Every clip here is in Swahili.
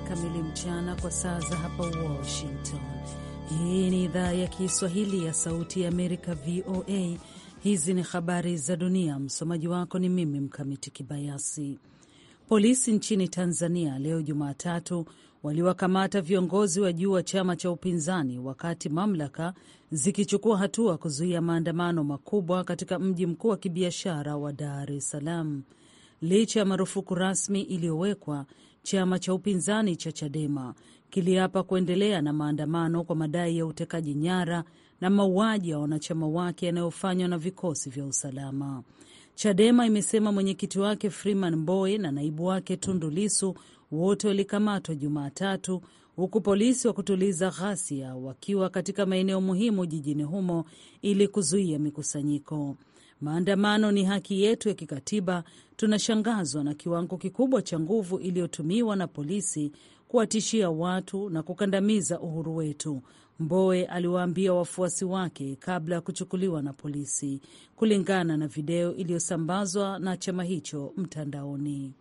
habari kamili mchana kwa saa za hapa Washington. Hii ni idhaa ya Kiswahili ya Sauti ya Amerika, VOA. Hizi ni habari za dunia. Msomaji wako ni mimi Mkamiti Kibayasi. Polisi nchini Tanzania leo Jumatatu waliwakamata viongozi wa juu wa chama cha upinzani wakati mamlaka zikichukua hatua kuzuia maandamano makubwa katika mji mkuu wa kibiashara wa Dar es Salaam. Licha ya marufuku rasmi iliyowekwa, chama cha upinzani cha Chadema kiliapa kuendelea na maandamano kwa madai ya utekaji nyara na mauaji ya wanachama wake yanayofanywa na vikosi vya usalama. Chadema imesema mwenyekiti wake Freeman Mbowe na naibu wake Tundu Lissu wote walikamatwa Jumatatu, huku polisi wa kutuliza ghasia wakiwa katika maeneo muhimu jijini humo ili kuzuia mikusanyiko. Maandamano ni haki yetu ya kikatiba. Tunashangazwa na kiwango kikubwa cha nguvu iliyotumiwa na polisi kuwatishia watu na kukandamiza uhuru wetu, Mbowe aliwaambia wafuasi wake kabla ya kuchukuliwa na polisi, kulingana na video iliyosambazwa na chama hicho mtandaoni.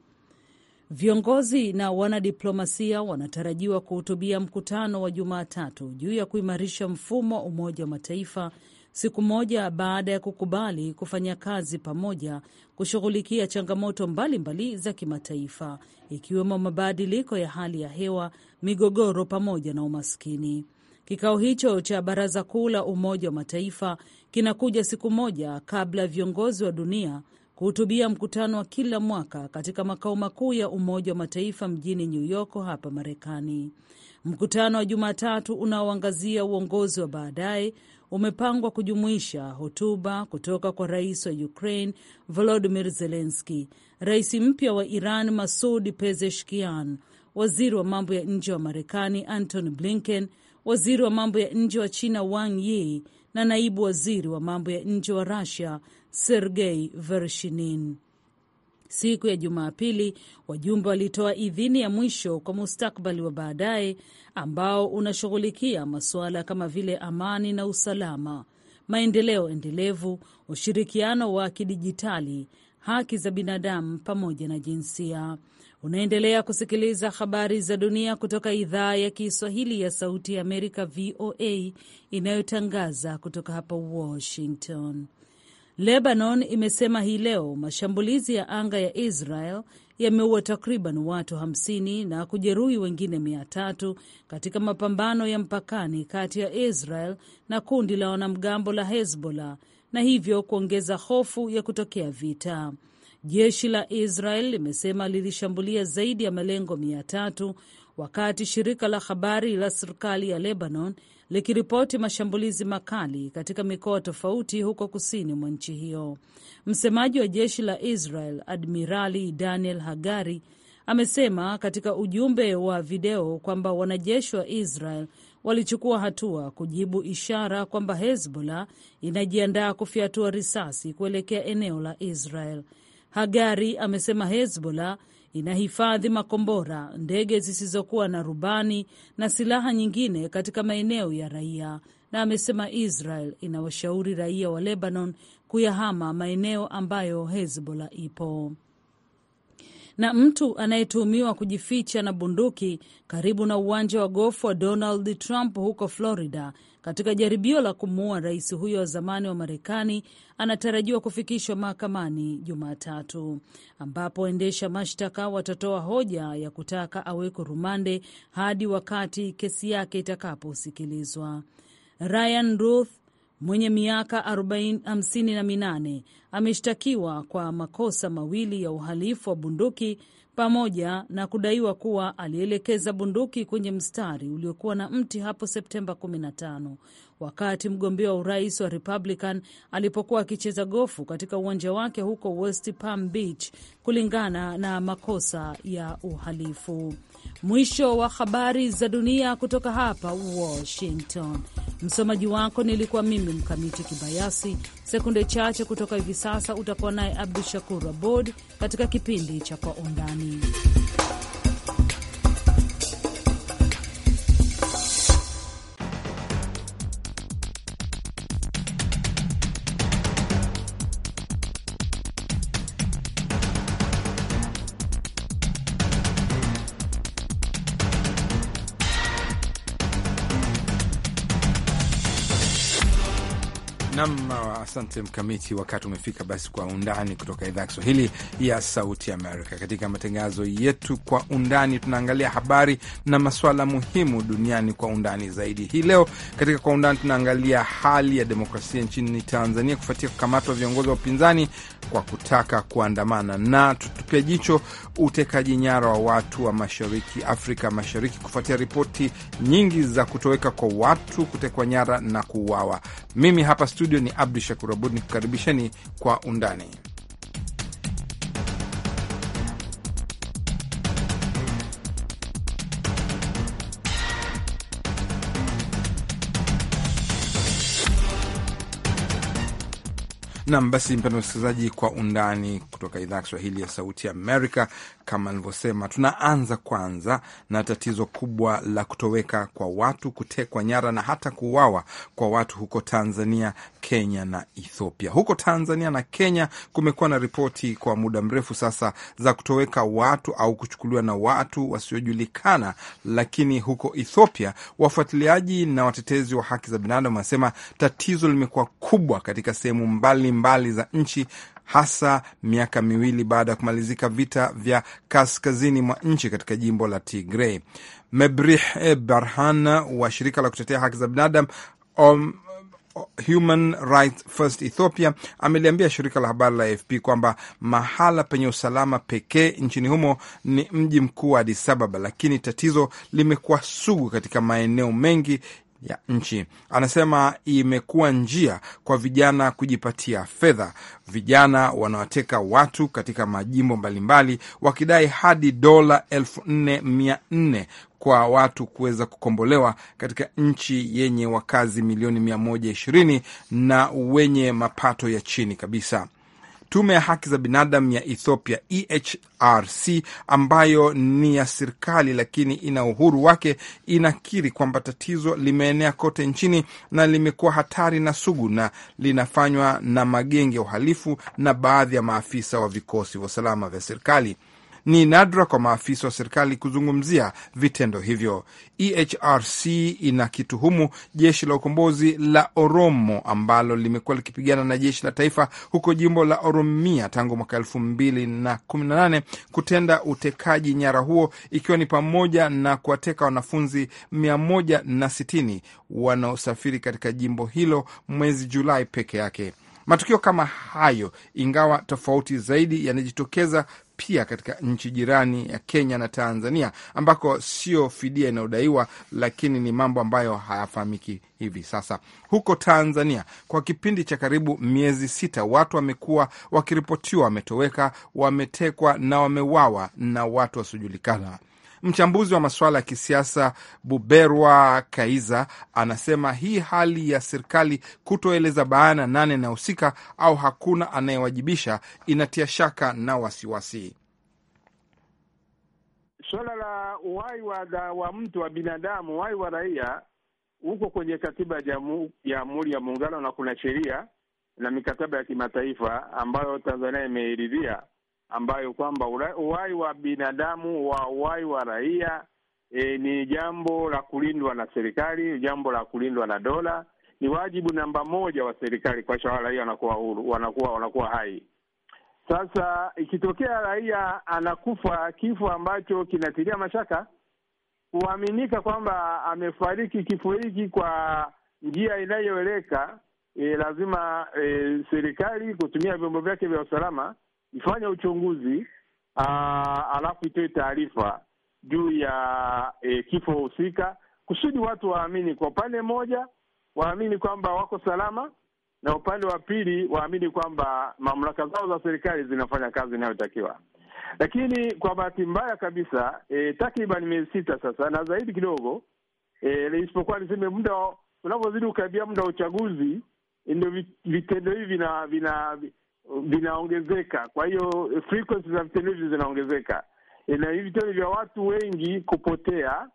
Viongozi na wanadiplomasia wanatarajiwa kuhutubia mkutano wa Jumatatu juu ya kuimarisha mfumo wa Umoja wa Mataifa siku moja baada ya kukubali kufanya kazi pamoja kushughulikia changamoto mbalimbali mbali za kimataifa ikiwemo mabadiliko ya hali ya hewa, migogoro pamoja na umaskini. Kikao hicho cha Baraza Kuu la Umoja wa Mataifa kinakuja siku moja kabla ya viongozi wa dunia kuhutubia mkutano wa kila mwaka katika makao makuu ya Umoja wa Mataifa mjini New York hapa Marekani. Mkutano wa Jumatatu unaoangazia uongozi wa baadaye umepangwa kujumuisha hotuba kutoka kwa rais wa Ukraine volodimir zelenski rais mpya wa Iran Masud Pezeshkian, waziri wa mambo ya nje wa Marekani Antony Blinken, waziri wa mambo ya nje wa China Wang Yi na naibu waziri wa mambo ya nje wa Rusia Sergei Vershinin. Siku ya Jumapili, wajumbe walitoa idhini ya mwisho kwa mustakbali wa baadaye ambao unashughulikia masuala kama vile amani na usalama, maendeleo endelevu, ushirikiano wa kidijitali, haki za binadamu pamoja na jinsia. Unaendelea kusikiliza habari za dunia kutoka idhaa ya Kiswahili ya Sauti ya Amerika, VOA, inayotangaza kutoka hapa Washington. Lebanon imesema hii leo mashambulizi ya anga ya Israel yameua takriban watu 50 na kujeruhi wengine 3 katika mapambano ya mpakani kati ya Israel na kundi la wanamgambo la Hezbollah na hivyo kuongeza hofu ya kutokea vita. Jeshi la Israel limesema lilishambulia zaidi ya malengo 3 wakati shirika la habari la serikali ya Lebanon likiripoti mashambulizi makali katika mikoa tofauti huko kusini mwa nchi hiyo. Msemaji wa jeshi la Israel Admirali Daniel Hagari amesema katika ujumbe wa video kwamba wanajeshi wa Israel walichukua hatua kujibu ishara kwamba Hezbollah inajiandaa kufyatua risasi kuelekea eneo la Israel. Hagari amesema Hezbollah inahifadhi makombora, ndege zisizokuwa na rubani na silaha nyingine katika maeneo ya raia, na amesema Israel inawashauri raia wa Lebanon kuyahama maeneo ambayo Hezbollah ipo na mtu anayetuhumiwa kujificha na bunduki karibu na uwanja wa gofu wa Donald Trump huko Florida katika jaribio la kumuua rais huyo wa zamani wa Marekani anatarajiwa kufikishwa mahakamani Jumatatu, ambapo waendesha mashtaka watatoa hoja ya kutaka awekwe rumande hadi wakati kesi yake itakaposikilizwa. Ryan Ruth mwenye miaka 58 ameshtakiwa kwa makosa mawili ya uhalifu wa bunduki pamoja na kudaiwa kuwa alielekeza bunduki kwenye mstari uliokuwa na mti hapo Septemba 15 wakati mgombea wa urais wa Republican alipokuwa akicheza gofu katika uwanja wake huko West Palm Beach, kulingana na makosa ya uhalifu. Mwisho wa habari za dunia kutoka hapa Washington. Msomaji wako nilikuwa mimi Mkamiti Kibayasi. Sekunde chache kutoka hivi sasa utakuwa naye Abdu Shakur Abod katika kipindi cha Kwa Undani. Asante Mkamiti. Wakati umefika basi kwa undani kutoka idhaa ya Kiswahili ya Sauti Amerika. Katika matangazo yetu kwa undani, tunaangalia habari na masuala muhimu duniani kwa undani zaidi. Hii leo katika kwa undani tunaangalia hali ya demokrasia nchini Tanzania kufuatia kukamatwa viongozi wa upinzani kwa kutaka kuandamana na tutupia jicho utekaji nyara wa watu wa mashariki Afrika Mashariki kufuatia ripoti nyingi za kutoweka kwa watu, kutekwa nyara na kuuawa. Mimi hapa studio ni Abdu Shakur Abud, nikukaribisheni kwa undani Nam basi, mpendwa msikilizaji, kwa undani kutoka idhaa ya Kiswahili ya Sauti ya Amerika. Kama nilivyosema, tunaanza kwanza na tatizo kubwa la kutoweka kwa watu, kutekwa nyara na hata kuuawa kwa watu huko Tanzania, Kenya na Ethiopia. Huko Tanzania na Kenya kumekuwa na ripoti kwa muda mrefu sasa za kutoweka watu au kuchukuliwa na watu wasiojulikana, lakini huko Ethiopia wafuatiliaji na watetezi wa haki za binadamu wanasema tatizo limekuwa kubwa katika sehemu mbali mbalimbali za nchi hasa miaka miwili baada ya kumalizika vita vya kaskazini mwa nchi katika jimbo la Tigray. Mebrih Barhan wa shirika la kutetea haki za binadamu Human Rights First Ethiopia ameliambia shirika la habari la AFP kwamba mahala penye usalama pekee nchini humo ni mji mkuu wa Addis Ababa, lakini tatizo limekuwa sugu katika maeneo mengi ya nchi. Anasema imekuwa njia kwa vijana kujipatia fedha. Vijana wanawateka watu katika majimbo mbalimbali, wakidai hadi dola elfu nne mia nne kwa watu kuweza kukombolewa katika nchi yenye wakazi milioni mia moja ishirini na wenye mapato ya chini kabisa. Tume ya haki za binadamu ya Ethiopia EHRC, ambayo ni ya serikali lakini ina uhuru wake, inakiri kwamba tatizo limeenea kote nchini na limekuwa hatari na sugu na linafanywa na magenge ya uhalifu na baadhi ya maafisa wa vikosi vya usalama vya serikali. Ni nadra kwa maafisa wa serikali kuzungumzia vitendo hivyo. EHRC inakituhumu jeshi la ukombozi la Oromo ambalo limekuwa likipigana na jeshi la taifa huko jimbo la Oromia tangu mwaka elfu mbili na kumi na nane kutenda utekaji nyara huo, ikiwa ni pamoja na kuwateka wanafunzi mia moja na sitini wanaosafiri katika jimbo hilo mwezi Julai peke yake. Matukio kama hayo, ingawa tofauti zaidi, yanajitokeza pia katika nchi jirani ya Kenya na Tanzania, ambako sio fidia inayodaiwa, lakini ni mambo ambayo hayafahamiki hivi sasa. Huko Tanzania, kwa kipindi cha karibu miezi sita, watu wamekuwa wakiripotiwa wametoweka, wametekwa na wamewawa na watu wasiojulikana. Mchambuzi wa masuala ya kisiasa Buberwa Kaiza anasema hii hali ya serikali kutoeleza bayana nane inahusika au hakuna anayewajibisha inatia shaka na wasiwasi. Suala la uhai wa, wa mtu wa binadamu, uhai wa raia huko kwenye katiba ya Jamhuri ya Muungano, na kuna sheria na mikataba ya kimataifa ambayo Tanzania imeiridhia ambayo kwamba uhai wa binadamu wa uhai wa raia e, ni jambo la kulindwa na serikali, jambo la kulindwa na dola. Ni wajibu namba moja wa serikali kuhakikisha raia wanakuwa huru, wanakuwa wanakuwa hai. Sasa ikitokea raia anakufa kifo ambacho kinatilia mashaka kuaminika kwamba amefariki kifo hiki kwa njia inayoeleka, e, lazima e, serikali kutumia vyombo vyake vya usalama ifanye uchunguzi uh, alafu itoe taarifa juu ya e, kifo husika kusudi watu waamini kwa upande mmoja waamini kwamba wako salama na upande wa pili waamini kwamba mamlaka zao za serikali zinafanya kazi inayotakiwa. Lakini kwa bahati mbaya kabisa e, takriban miezi sita sasa na zaidi kidogo e, isipokuwa niseme muda unavyozidi ukaribia muda wa uchaguzi, ndio vitendo hivi vina vinaongezeka, kwa hiyo frequency za vitendezi zinaongezeka na hivi vitendo vya watu wengi kupotea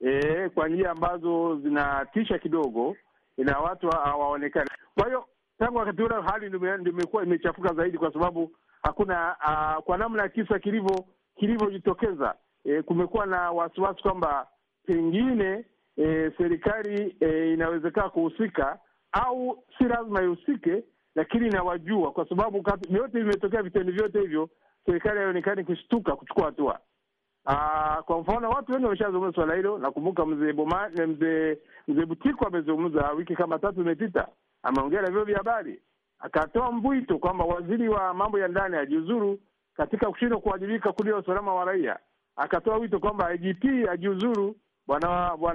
e, kwa njia ambazo zinatisha kidogo na watu hawaonekani. Kwa hiyo tangu wakati ule hali imekuwa imechafuka zaidi, kwa sababu hakuna a, ah, kwa namna ya kisa kilivyo kilivyojitokeza e, kumekuwa na wasiwasi kwamba pengine e, serikali e, inawezekana kuhusika au si lazima ihusike, lakini nawajua kwa sababu vyote vimetokea, vitendo vyote hivyo, serikali haionekani kushtuka kuchukua hatua. Ah, kwa mfano watu wengi wameshazungumza swala hilo. Nakumbuka mzee Boma, eh, mzee mzee Butiko amezungumza wiki kama tatu imepita, ameongea na vyombo vya habari, akatoa mwito kwamba waziri wa mambo ya ndani ajiuzuru katika kushindwa kuwajibika kulinda usalama wa raia. Akatoa wito kwamba IGP ajiuzuru, bwana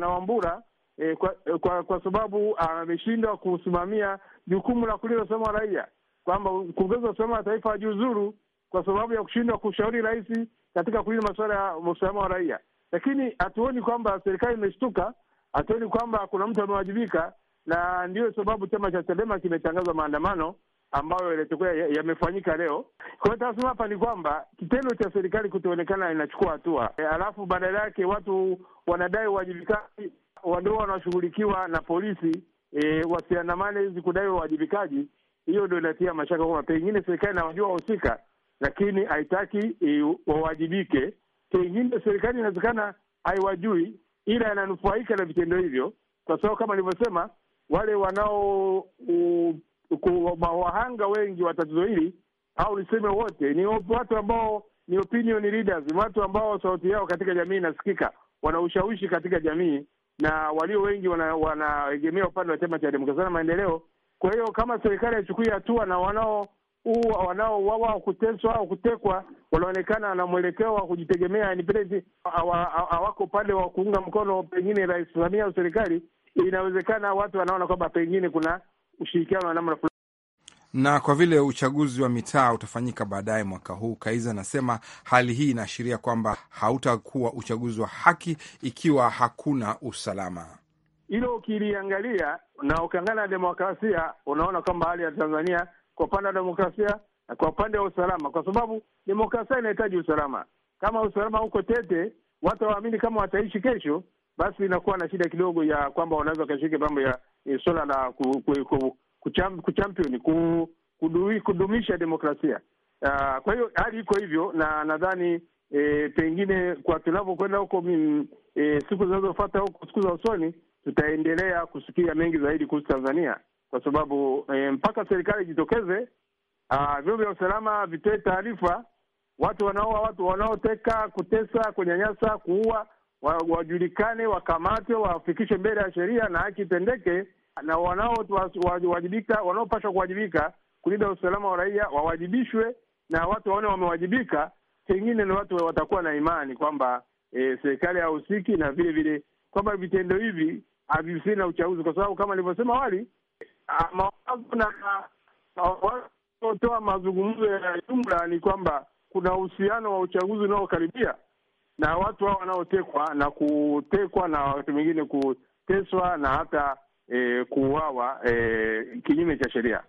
Wambura, Eh, eh, kwa, kwa kwa sababu ah, ameshindwa kusimamia jukumu la kulinda usalama wa raia, kwamba mkurugenzi wa usalama wa taifa hajiuzuru kwa sababu ya kushindwa kushauri rais katika kulinda masuala ya usalama wa raia. Lakini hatuoni kwamba serikali imeshtuka, hatuoni kwamba kuna mtu amewajibika, na ndiyo sababu chama cha Chadema kimetangaza maandamano ambayo yalitakuwa yamefanyika leo. Kwa hiyo tunasema hapa ni kwamba kitendo cha serikali kutoonekana inachukua hatua e, alafu badala yake watu wanadai uwajibikaji wadoa wanaoshughulikiwa na polisi e, wasiandamane hizi kudai uwajibikaji. Hiyo ndo inatia mashaka kwamba pengine serikali inawajua wahusika, lakini haitaki e, wawajibike. Pengine serikali inawezekana haiwajui, ila yananufaika na vitendo hivyo, kwa sababu kama nilivyosema, wale wanao wahanga wengi wa tatizo hili au niseme wote ni watu ambao ni opinion leaders, watu ambao sauti yao katika jamii inasikika, wana ushawishi katika jamii na walio wengi wanaegemea wana upande wa chama cha demokrasia na maendeleo. Kwa hiyo kama serikali haichukui hatua na wanao wanaowawa kuteswa au kutekwa wanaonekana na mwelekeo wa kujitegemea, hawako upande wa kuunga mkono pengine Rais Samia au serikali, inawezekana watu wanaona kwamba pengine kuna ushirikiano wa namna fulani. Na kwa vile uchaguzi wa mitaa utafanyika baadaye mwaka huu, Kaiza anasema hali hii inaashiria kwamba hautakuwa uchaguzi wa haki ikiwa hakuna usalama. Hilo ukiliangalia na ukiangana na demokrasia, unaona kwamba hali ya Tanzania kwa upande wa demokrasia na kwa upande wa usalama, kwa sababu demokrasia inahitaji usalama. Kama usalama huko tete, watu hawaamini kama wataishi kesho, basi inakuwa na shida kidogo ya kwamba wanaweza wakashiriki mambo ya suala la ku, ku, ku, kucham, kuchampion ku, kudu, kudumisha demokrasia. Uh, kwa hiyo hali iko hivyo na nadhani e, pengine kwa tunavyokwenda huko e, siku zinazofata huko siku za usoni tutaendelea kusikia mengi zaidi kuhusu Tanzania kwa sababu e, mpaka serikali ijitokeze, ah, vyombo vya usalama vitoe taarifa, watu wanaoa watu wanaoteka, kutesa, kunyanyasa, kuua wajulikane, wakamatwe, wafikishwe mbele ya sheria na haki itendeke, na wanaowajibika wanaopaswa kuwajibika kulinda usalama wa raia wawajibishwe, na watu waone wamewajibika, pengine ni watu watakuwa na imani kwamba e, serikali hahusiki na vile vile kwamba vitendo hivi havihusiani na uchaguzi, kwa sababu kama nilivyosema awali, mawazo na wanaotoa mazungumzo ya jumla ni kwamba kuna uhusiano wa uchaguzi unaokaribia na watu hao wanaotekwa na kutekwa na watu wengine kuteswa na hata eh, kuuawa eh, kinyume cha sheria.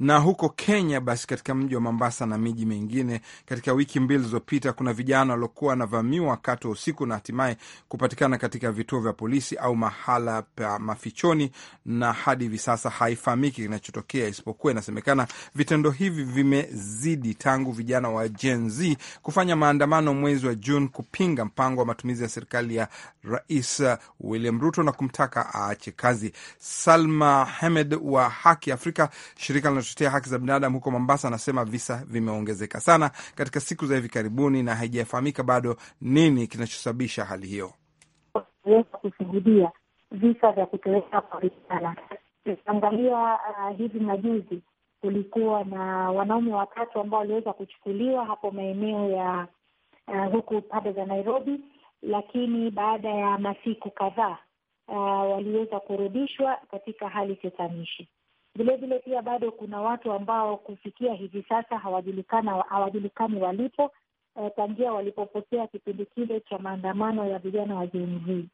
Na huko Kenya basi, katika mji wa Mombasa na miji mingine, katika wiki mbili zilizopita, kuna vijana waliokuwa wanavamiwa wakati wa usiku na hatimaye kupatikana katika vituo vya polisi au mahala pa mafichoni, na hadi hivi sasa haifahamiki kinachotokea, isipokuwa inasemekana vitendo hivi vimezidi tangu vijana wa Gen Z kufanya maandamano mwezi wa Juni kupinga mpango wa matumizi ya serikali ya Rais William Ruto na kumtaka aache kazi. Salma Hamed wa Haki Afrika, shirika anatetea haki za binadamu huko Mombasa anasema visa vimeongezeka sana katika siku za hivi karibuni, na haijafahamika bado nini kinachosababisha hali hiyo. Weza kushuhudia visa vya kutoweka kwa vijana. Ukiangalia uh, hivi majuzi kulikuwa na wanaume watatu ambao waliweza kuchukuliwa hapo maeneo ya uh, huku pande za Nairobi, lakini baada ya masiku kadhaa uh, waliweza kurudishwa katika hali tetanishi. Vilevile pia bado kuna watu ambao kufikia hivi sasa hawajulikana hawajulikani walipo eh, tangia walipopotea kipindi kile cha maandamano ya vijana wa Gen Z.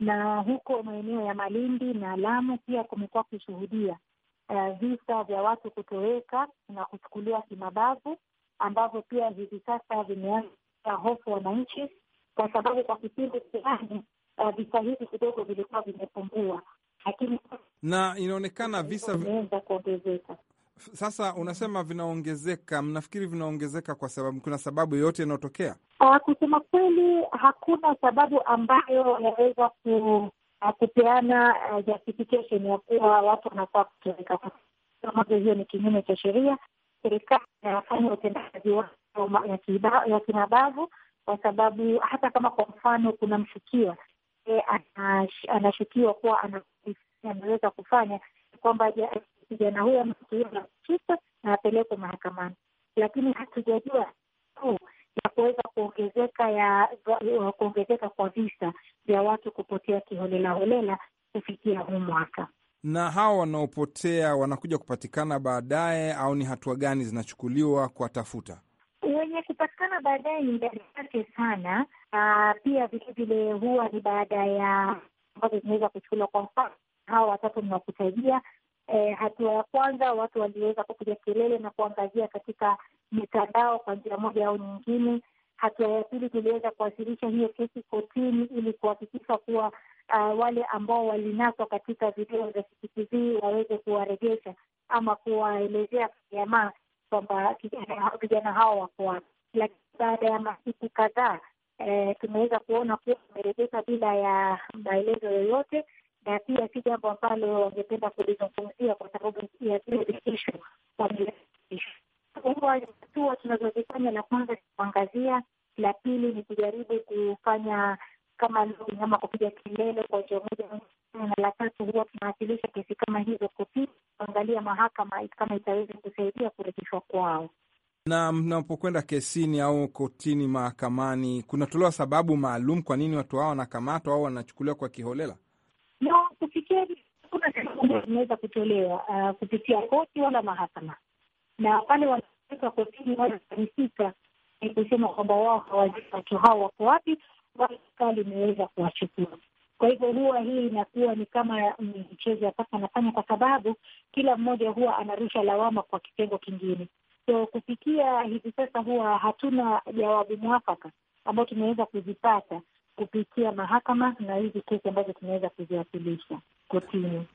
Na huko maeneo ya Malindi na Lamu pia kumekuwa kushuhudia eh, visa vya watu kutoweka na kuchukuliwa kimabavu ambavyo pia hivi sasa vimeanza hofu wananchi, kwa sababu kwa kipindi fulani eh, visa hivi kidogo vilikuwa vimepungua, lakini na inaonekana visa sasa unasema vinaongezeka, mnafikiri vinaongezeka kwa sababu, kuna sababu yoyote inayotokea? Ah, kusema kweli, hakuna sababu ambayo inaweza ku, ah, kupeana uh, justification ya kuwa watu wanafaa kutoweka. Moja hiyo ni kinyume cha sheria. Serikali inafanya utendaji wake ya kimabavu, kwa sababu hata kama kwa mfano kuna mshukiwa e, anashukiwa kuwa ana ameweza kufanya kwamba kijana huyo ameshikiliwa na na apelekwe mahakamani, lakini hatujajua tu ya kuweza kuongezeka ya kuongezeka kwa visa vya watu kupotea kiholela holela kufikia huu mwaka. Na hawa wanaopotea wanakuja kupatikana baadaye au ni hatua gani zinachukuliwa kuwatafuta? Wenye kupatikana baadaye ni idadi yake sana. Aa, ah, pia vilevile huwa ni baada ya ambazo zinaweza kuchukuliwa, kwa mfano hawa watatu niwakutajia. E, eh, hatua ya kwanza watu waliweza kupiga kelele na kuangazia katika mitandao kwa njia moja au nyingine. Hatua ya pili tuliweza kuwasilisha hiyo kesi kotini ili kuhakikisha kuwa uh, wale ambao walinaswa katika video za CCTV waweze kuwarejesha ama kuwaelezea kijamaa kwamba vijana hao wako wapi. Lakini baada ya masiku kadhaa eh, tumeweza kuona kuwa wamerejeshwa bila ya maelezo yoyote na pia si jambo ambalo wangependa kulizungumzia kwa sababu ya zile ishu huwa hatua tunazozifanya, la kwanza ni kuangazia, la pili ni kujaribu kufanya kama lugha ama kupiga kelele kwa njia moja, na la tatu huwa tunawasilisha kesi kama hizo kotini, kuangalia mahakama kama itaweza kusaidia kurejeshwa kwao. Na mnapokwenda kesini au kotini, mahakamani, kunatolewa sababu maalum kwa nini watu hao wanakamatwa au wanachukuliwa kwa kiholela? sababu zinaweza kutolewa uh, kupitia koti wala mahakama, na pale wanaweka kotini wanafanisika ni kusema kwamba wao hawajui watu hao wako wapi, wala serikali imeweza kuwachukua. Kwa hivyo huwa hii inakuwa ni kama mchezo ya paka anafanya, kwa sababu kila mmoja huwa anarusha lawama kwa kitengo kingine. So kufikia hivi sasa huwa hatuna jawabu mwafaka ambao tunaweza kuzipata kupitia mahakama na hizi kesi ambazo tunaweza kuziwasilisha kotini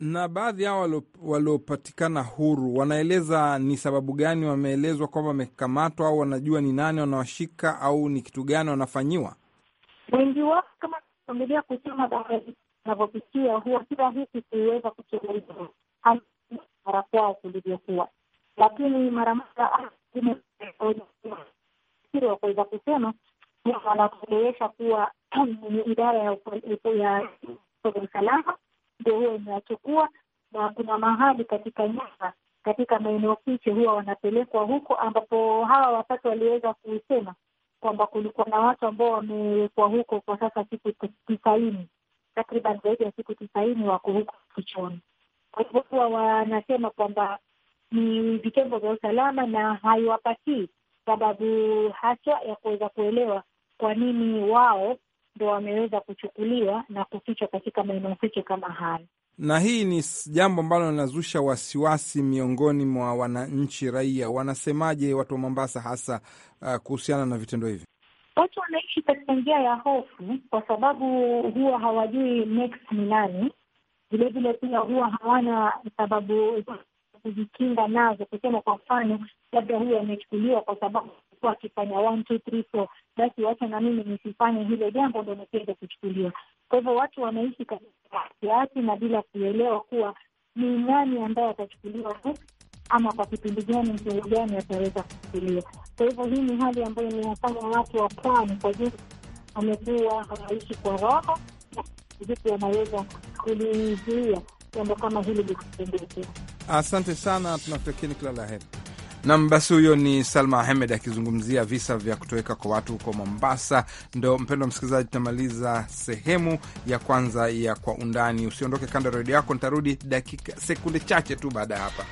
na baadhi yao waliopatikana huru wanaeleza ni sababu gani wameelezwa kwamba wamekamatwa, au wanajua ni nani wanawashika au ni kitu gani wanafanyiwa. Wengi wao kama kuendelea kusoma baadhi huwa si rahisi kuweza kuchunguza mara kwao kulivyokuwa, lakini mara mara wa kuweza kusema wanakuelewesha kuwa idara ya usalama ndio huwa imewachukua, na kuna mahali katika nyumba katika maeneo fiche huwa wanapelekwa huko, ambapo hawa watatu waliweza kusema kwamba kulikuwa na watu ambao wamewekwa huko kwa sasa siku tisaini, takriban zaidi ya siku tisaini wako huko kichoni. Kwa hivyo huwa wanasema kwamba ni vitengo vya usalama na haiwapatii sababu haswa ya kuweza kuelewa kwa nini wao ndo wameweza kuchukuliwa na kufichwa katika maeneo fiche kama hayo na hii ni jambo ambalo linazusha wasiwasi miongoni mwa wananchi. Raia wanasemaje, watu wa Mombasa hasa, uh, kuhusiana na vitendo hivi? Watu wanaishi katika njia ya hofu, kwa sababu huwa hawajui next ni nani. Vilevile pia huwa hawana sababu kujikinga nazo, kusema kwa mfano labda huyu amechukuliwa kwa sababu alikuwa akifanya one two three four, basi wacha na mimi nisifanye hilo jambo ndo nisiweze kuchukuliwa. Kwa hivyo watu wanaishi katikati na bila kuelewa kuwa ni nani ambaye atachukuliwa ama kwa kipindi gani, msingo gani ataweza kuchukuliwa. Kwa hivyo hii ni hali ambayo imewafanya watu wa pwani kwa jinsi wamekuwa wanaishi kwa roho, vipi wanaweza kulizuia jambo kama hili likitendeke. Asante sana, tunakutakieni kila la heri. Nam, basi huyo ni Salma Ahmed akizungumzia visa vya kutoweka kwa watu huko Mombasa. Ndo mpendo msikilizaji, tunamaliza sehemu ya kwanza ya Kwa Undani. Usiondoke kando ya redio yako, nitarudi dakika sekunde chache tu baada ya hapa.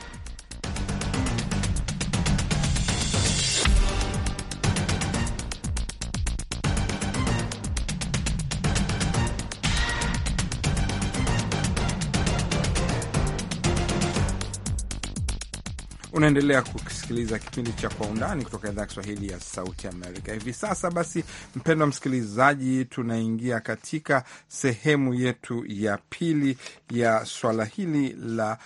Unaendelea kusikiliza kipindi cha Kwa Undani kutoka idhaa ya Kiswahili ya Sauti Amerika. Hivi sasa basi, mpendwa msikilizaji, tunaingia katika sehemu yetu ya pili ya swala hili la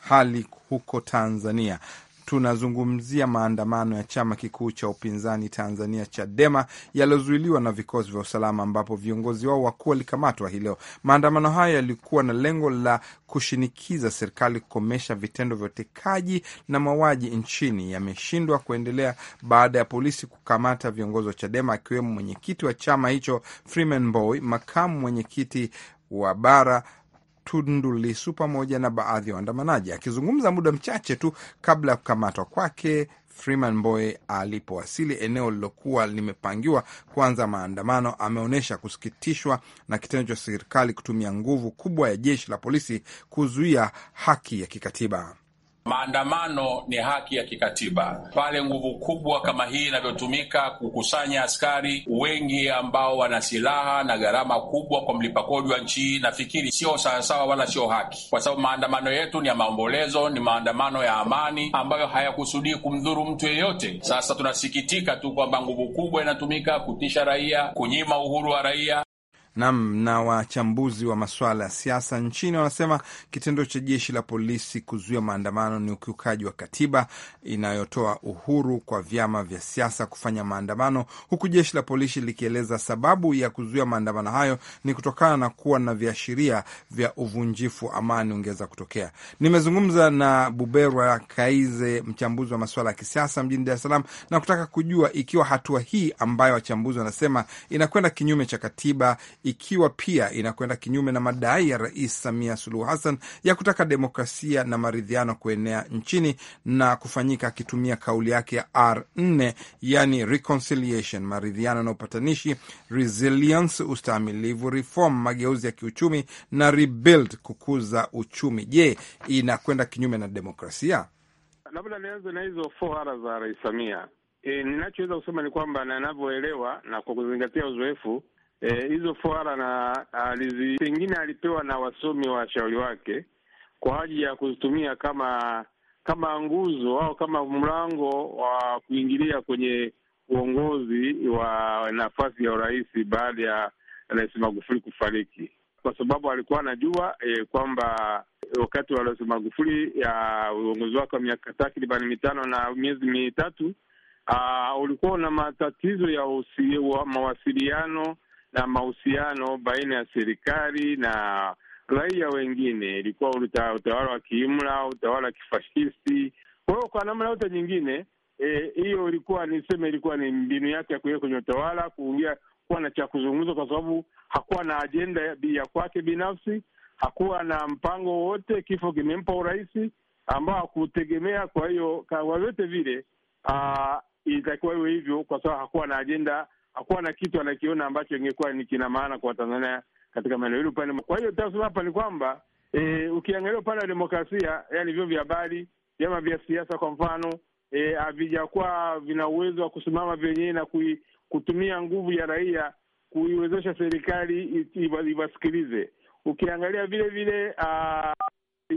hali huko Tanzania tunazungumzia maandamano ya chama kikuu cha upinzani Tanzania Chadema yaliyozuiliwa na vikosi vya usalama ambapo viongozi wao wakuu walikamatwa hii leo. Maandamano hayo yalikuwa na lengo la kushinikiza serikali kukomesha vitendo vya utekaji na mauaji nchini, yameshindwa kuendelea baada ya polisi kukamata viongozi wa Chadema akiwemo mwenyekiti wa chama hicho Freeman Mbowe, makamu mwenyekiti wa bara Tundu pamoja na baadhi ya waandamanaji, akizungumza muda mchache tu kabla ya kukamatwa kwake. Freeman Mbowe alipowasili eneo lilokuwa limepangiwa kuanza maandamano, ameonyesha kusikitishwa na kitendo cha serikali kutumia nguvu kubwa ya jeshi la polisi kuzuia haki ya kikatiba. Maandamano ni haki ya kikatiba. Pale nguvu kubwa kama hii inavyotumika kukusanya askari wengi ambao wana silaha na gharama kubwa kwa mlipa kodi wa nchi hii, nafikiri sio sawasawa wala sio haki, kwa sababu maandamano yetu ni ya maombolezo, ni maandamano ya amani ambayo hayakusudii kumdhuru mtu yeyote. Sasa tunasikitika tu kwamba nguvu kubwa inatumika kutisha raia, kunyima uhuru wa raia. Nam na wachambuzi wa masuala ya siasa nchini wanasema kitendo cha jeshi la polisi kuzuia maandamano ni ukiukaji wa katiba inayotoa uhuru kwa vyama vya siasa kufanya maandamano, huku jeshi la polisi likieleza sababu ya kuzuia maandamano hayo ni kutokana na kuwa na viashiria vya uvunjifu wa amani ungeweza kutokea. Nimezungumza na Buberwa Kaize, mchambuzi wa masuala ya kisiasa mjini Dar es Salaam, na kutaka kujua ikiwa hatua hii ambayo wachambuzi wanasema inakwenda kinyume cha katiba ikiwa pia inakwenda kinyume na madai ya Rais Samia Suluhu Hassan ya kutaka demokrasia na maridhiano kuenea nchini na kufanyika akitumia kauli yake ya R4, yani reconciliation, maridhiano na upatanishi, resilience, ustahimilivu, reform, mageuzi ya kiuchumi na rebuild, kukuza uchumi. Je, inakwenda kinyume na demokrasia? Labda nianze na hizo 4R za Rais Samia. E, ninachoweza kusema ni kwamba na na kwa kuzingatia uzoefu E, hizo e, fuara na alizi, pengine alipewa na wasomi wa washauri wake kwa ajili ya kuzitumia kama kama nguzo au kama mlango wa kuingilia kwenye uongozi wa nafasi ya urais baada ya Rais Magufuli kufariki, kwa sababu alikuwa anajua e, kwamba wakati wa Rais Magufuli ya uongozi wake wa miaka takriban mitano na miezi mitatu ulikuwa na matatizo ya usi, wa, mawasiliano na mahusiano baina ya serikali na raia wengine, ilikuwa utawala wa kiimla, utawala wa kifashisti. Kwa hiyo kwa namna yote nyingine e, hiyo e, ilikuwa niseme, ilikuwa ni mbinu yake ya kuingia kwenye utawala, kuingia kuwa na cha kuzungumza, kwa sababu hakuwa na ajenda ya kwake binafsi, hakuwa na mpango wowote. Kifo kimempa urahisi ambao hakutegemea. Kwa hiyo kwa vyote vile, ilitakiwa iwe hivyo, kwa sababu hakuwa na ajenda hakuwa na kitu anakiona ambacho ingekuwa ni kina maana kwa tanzania katika maeneo hili upande. Kwa hiyo tasema hapa ni kwamba e, ukiangalia upande wa demokrasia, yani vyombo vya habari, vyama vya siasa kwa mfano e, havijakuwa e, vina uwezo wa kusimama vyenyewe na kui, kutumia nguvu ya raia kuiwezesha serikali iwasikilize. Ukiangalia vile vile a,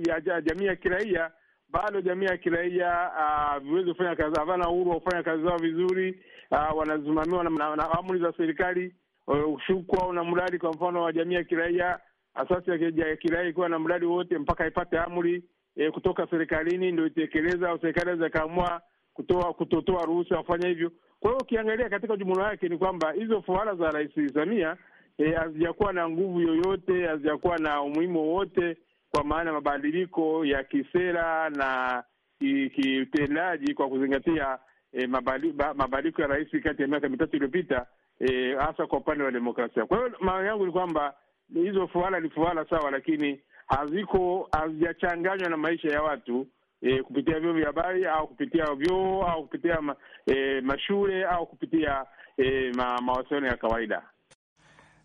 ya, ya jamii ya kiraia bado jamii ya kiraia haviwezi ah, kufanya kazi, havana uhuru wa kufanya kazi zao vizuri. Uh, na, na, na amri za serikali, eh, ushukwa na mradi kwa mfano wa jamii ya kiraia, asasi ya kiraia ikiwa na mradi wote mpaka ipate amri e, kutoka serikalini ndio itekeleza, au serikali aweza ikaamua kutoa kutotoa ruhusa kufanya hivyo. Kwa hiyo ukiangalia katika jumla yake ni kwamba hizo fuara za Rais Samia eh, hazijakuwa e, na nguvu yoyote, hazijakuwa na umuhimu wowote kwa maana mabadiliko ya kisera na kiutendaji kwa kuzingatia e, mabadiliko ya rais kati ya miaka mitatu iliyopita e, hasa e, kwa upande wa demokrasia. Kwa hiyo maoni yangu ni kwamba hizo fuala ni fuala sawa, lakini haziko hazijachanganywa na maisha ya watu e, kupitia vyombo vya habari au kupitia vyoo au kupitia ma, e, mashule au kupitia e, ma, mawasiliano ya kawaida.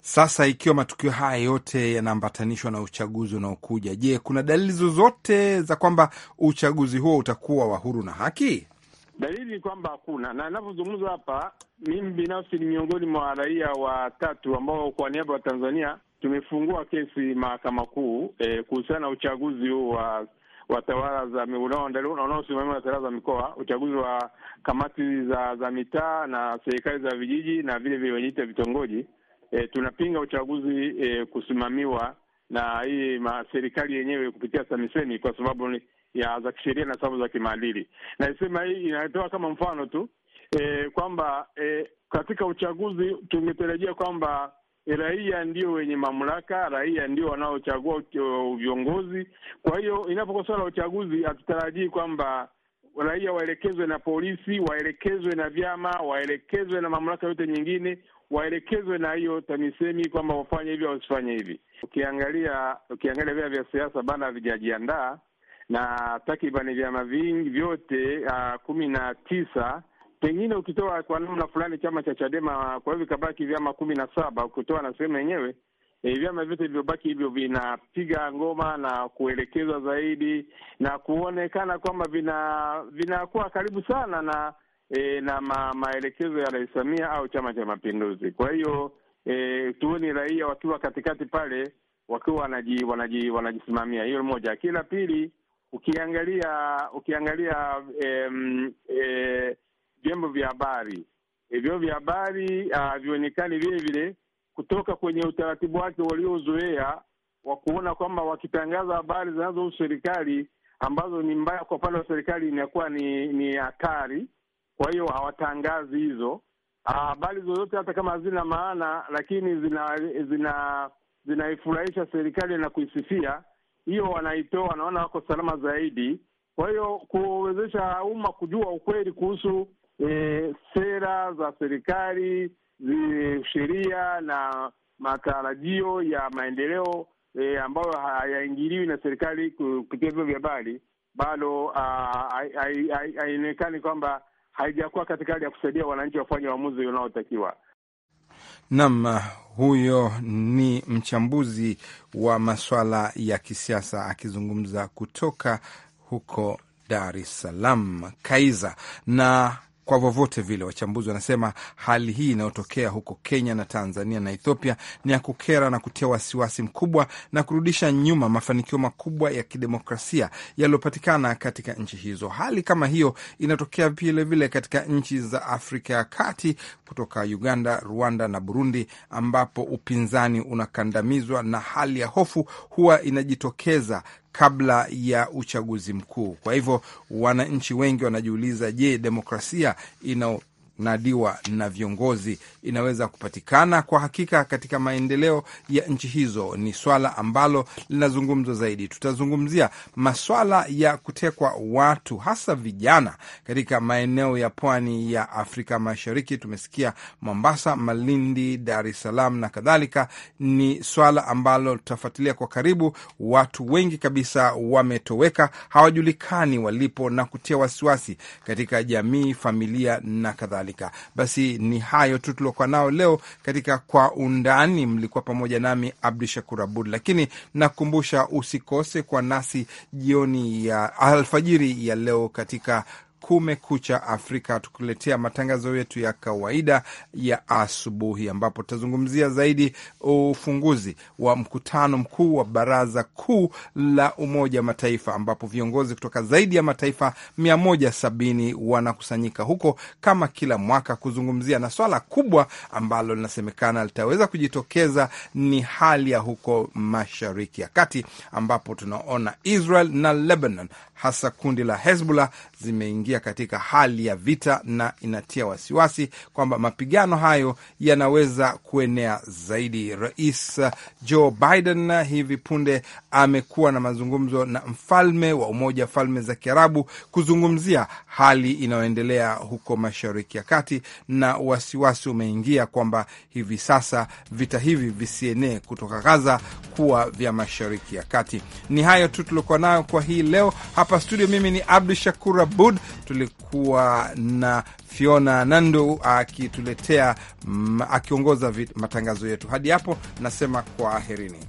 Sasa ikiwa matukio haya yote yanaambatanishwa na uchaguzi unaokuja, je, kuna dalili zozote za kwamba uchaguzi huo utakuwa wa huru na haki? Dalili ni kwamba hakuna, na inavyozungumza hapa, mimi binafsi ni miongoni mwa raia watatu ambao kwa niaba ya Tanzania tumefungua kesi mahakama kuu e, kuhusiana na uchaguzi huu wa watawala za unaosimamiwa na tawala za mikoa, uchaguzi wa kamati za za mitaa na serikali za vijiji na vile vile wenyeita vitongoji e, tunapinga uchaguzi e, kusimamiwa na hii serikali yenyewe kupitia TAMISEMI kwa sababu ya za kisheria na sababu za kimaadili. Naisema hii inatoa kama mfano tu e, kwamba e, katika uchaguzi tungetarajia kwamba raia ndio wenye mamlaka, raia ndio wanaochagua viongozi. Kwa hiyo inapokuwa swala la uchaguzi, hatutarajii kwamba raia waelekezwe na polisi, waelekezwe na vyama, waelekezwe na mamlaka yote nyingine, waelekezwe na hiyo TAMISEMI kwamba wafanye hivi au wasifanye hivi. Ukiangalia ukiangalia vyama vya siasa bana havijajiandaa na takribani vyama vingi vyote uh, kumi na tisa pengine ukitoa kwa namna fulani chama cha Chadema, kwa hivyo ikabaki vyama kumi na saba ukitoa na sehemu yenyewe E, vyama vyote vilivyobaki hivyo vinapiga ngoma na kuelekezwa zaidi na kuonekana kwamba vina vinakuwa karibu sana na e, na ma, maelekezo ya Rais Samia au Chama cha Mapinduzi. Kwa hiyo e, tuoni raia wakiwa katikati pale wakiwa wanaji, wanaji, wanajisimamia. Hiyo moja. Kila pili, ukiangalia ukiangalia vyombo vya habari vyombo vya habari ah, havionekani vile vile kutoka kwenye utaratibu wake waliozoea wa kuona kwamba wakitangaza habari zinazohusu serikali ambazo ni mbaya kwa upande wa serikali inakuwa ni ni hatari. Kwa hiyo hawatangazi hizo ah, habari zozote, hata kama hazina maana, lakini zina zina zinaifurahisha serikali na kuisifia, hiyo wanaitoa, wanaona wako salama zaidi. Kwa hiyo kuwezesha umma kujua ukweli kuhusu e, sera za serikali sheria na matarajio ya maendeleo e, ambayo hayaingiliwi na serikali kupitia vyombo vya habari bado haionekani kwamba haijakuwa katika hali ya kusaidia wananchi wafanye uamuzi unaotakiwa. Naam, huyo ni mchambuzi wa maswala ya kisiasa akizungumza kutoka huko Dar es Salaam, Kaiza na kwa vovote vile, wachambuzi wanasema hali hii inayotokea huko Kenya na Tanzania na Ethiopia ni ya kukera na kutia wasiwasi mkubwa na kurudisha nyuma mafanikio makubwa ya kidemokrasia yaliyopatikana katika nchi hizo. Hali kama hiyo inatokea vilevile katika nchi za Afrika ya Kati, kutoka Uganda, Rwanda na Burundi, ambapo upinzani unakandamizwa na hali ya hofu huwa inajitokeza kabla ya uchaguzi mkuu. Kwa hivyo wananchi wengi wanajiuliza, je, demokrasia ina diwa na viongozi inaweza kupatikana kwa hakika katika maendeleo ya nchi hizo, ni swala ambalo linazungumzwa zaidi. Tutazungumzia maswala ya kutekwa watu, hasa vijana katika maeneo ya pwani ya Afrika Mashariki. Tumesikia Mombasa, Malindi, Dar es Salaam na kadhalika. Ni swala ambalo tutafuatilia kwa karibu. Watu wengi kabisa wametoweka, hawajulikani walipo na kutia wasiwasi katika jamii, familia na kadhalika kadhalika. Basi ni hayo tu tuliokuwa nao leo katika Kwa Undani. Mlikuwa pamoja nami Abdu Shakur Abud, lakini nakumbusha usikose kwa nasi jioni ya alfajiri ya leo katika Kumekucha Afrika, tukuletea matangazo yetu ya kawaida ya asubuhi, ambapo tutazungumzia zaidi ufunguzi wa mkutano mkuu wa Baraza Kuu la Umoja wa Mataifa, ambapo viongozi kutoka zaidi ya mataifa 170 wanakusanyika huko kama kila mwaka kuzungumzia, na swala kubwa ambalo linasemekana litaweza kujitokeza ni hali ya huko Mashariki ya Kati, ambapo tunaona Israel na Lebanon, hasa kundi la Hezbollah zimeingia katika hali ya vita, na inatia wasiwasi kwamba mapigano hayo yanaweza kuenea zaidi. Rais Joe Biden hivi punde amekuwa na mazungumzo na mfalme wa Umoja wa Falme za Kiarabu kuzungumzia hali inayoendelea huko Mashariki ya Kati, na wasiwasi umeingia kwamba hivi sasa vita hivi visienee kutoka Gaza kuwa vya Mashariki ya Kati. Ni hayo tu tuliokuwa nayo kwa hii leo hapa studio. Mimi ni Abdu Shakur Abud, tulikuwa na Fiona Nandu akituletea mm, akiongoza matangazo yetu. Hadi hapo nasema kwaherini.